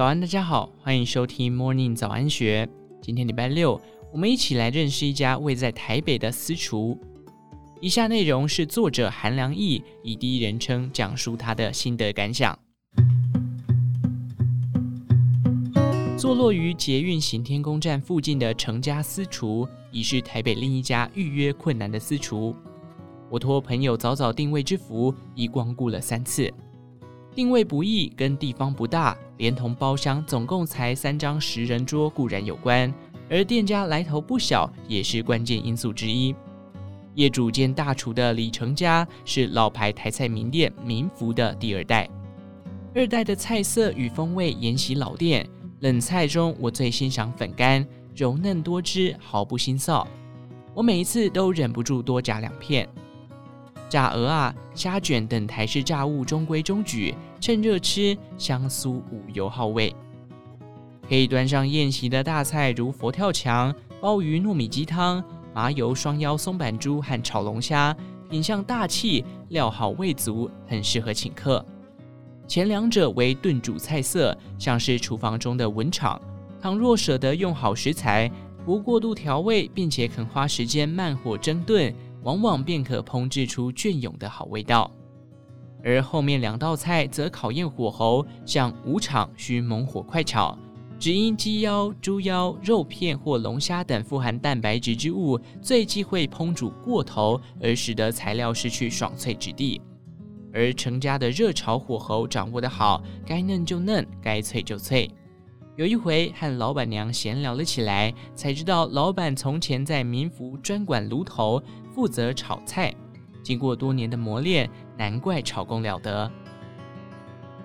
早安，大家好，歡迎收聽 Morning 早安學。今天禮拜六，我們一起來認識一家位在台北的私廚。以下內容是作者韓良憶以第一人稱講述他的心得感想。坐落於捷運行天宮站附近的承家私廚，已是台北另一家預約困難的私廚。我托朋友早早訂位之福，已光顧了三次。訂位不易，跟地方不大，連同包廂總共才三張十人桌固然有關，而店家來頭不小也是關鍵因素之一。業主兼大廚的李承家是老牌台菜名店「明福」的第二代，二代的菜色與風味沿襲老店。冷菜中我最欣賞粉干，柔嫩多汁，毫不腥臊。我每一次都忍不住多夾兩片。炸鵝啊、蝦卷等台式炸物中規中矩，趁熱吃，香酥無油好味。可以端上宴席的大菜，如佛跳牆、鮑魚糯米雞湯、麻油雙腰松板豬和炒龍蝦，品相大氣，料好味足，很適合請客。前兩者為燉煮菜色，像是廚房中的文場。倘若舍得用好食材，不過度調味，並且肯花時間慢火蒸燉。往往便可烹製出雋永的好味道，而後面兩道菜則考驗火候，像五常需猛火快炒，只因雞腰、豬腰、肉片或龍蝦等富含蛋白質之物最忌諱烹煮過頭，而使得材料失去爽脆質地。而承家的熱炒火候掌握得好，該嫩就嫩，該脆就脆。有一回和老闆娘閒聊了起來，才知道老闆從前在明福專管爐頭，負責炒菜。經過多年的磨練，難怪炒功了得。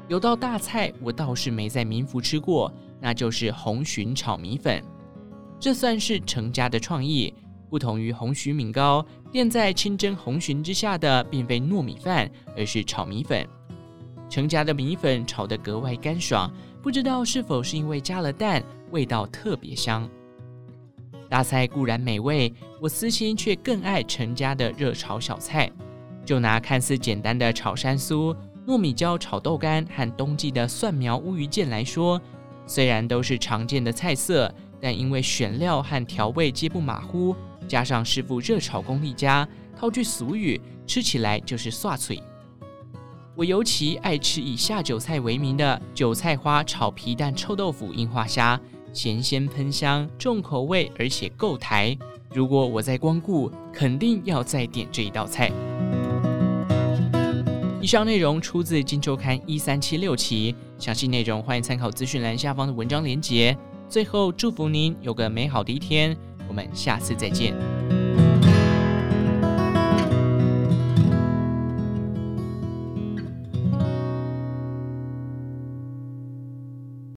有道大菜我倒是沒在明福吃過，那就是紅蟳炒米粉。這算是承家的創意，不同於紅蟳米糕，墊在清蒸紅蟳之下的並非糯米飯，而是炒米粉。承家的米粉炒得格外乾爽。不知道是否是因為加了蛋，味道特別香。大菜固然美味，我私心卻更愛承家的熱炒小菜。就拿看似簡單的炒山蘇、糯米椒炒豆乾和冬季的蒜苗烏魚腱來說，雖然都是常見的菜色，但因為選料和調味皆不馬虎，加上師傅熱炒功力佳，套句俗語，吃起來就是脆。我尤其愛吃以下酒菜為名的韭菜花炒皮蛋、臭豆腐、櫻花蝦，鹹鮮噴香，重口味而且夠台。如果我再光顧，肯定要再點這一道菜。以上內容出自《今周刊》一三七六期，詳細內容歡迎參考資訊欄下方的文章連結。最後祝福您有個美好的一天，我們下次再見。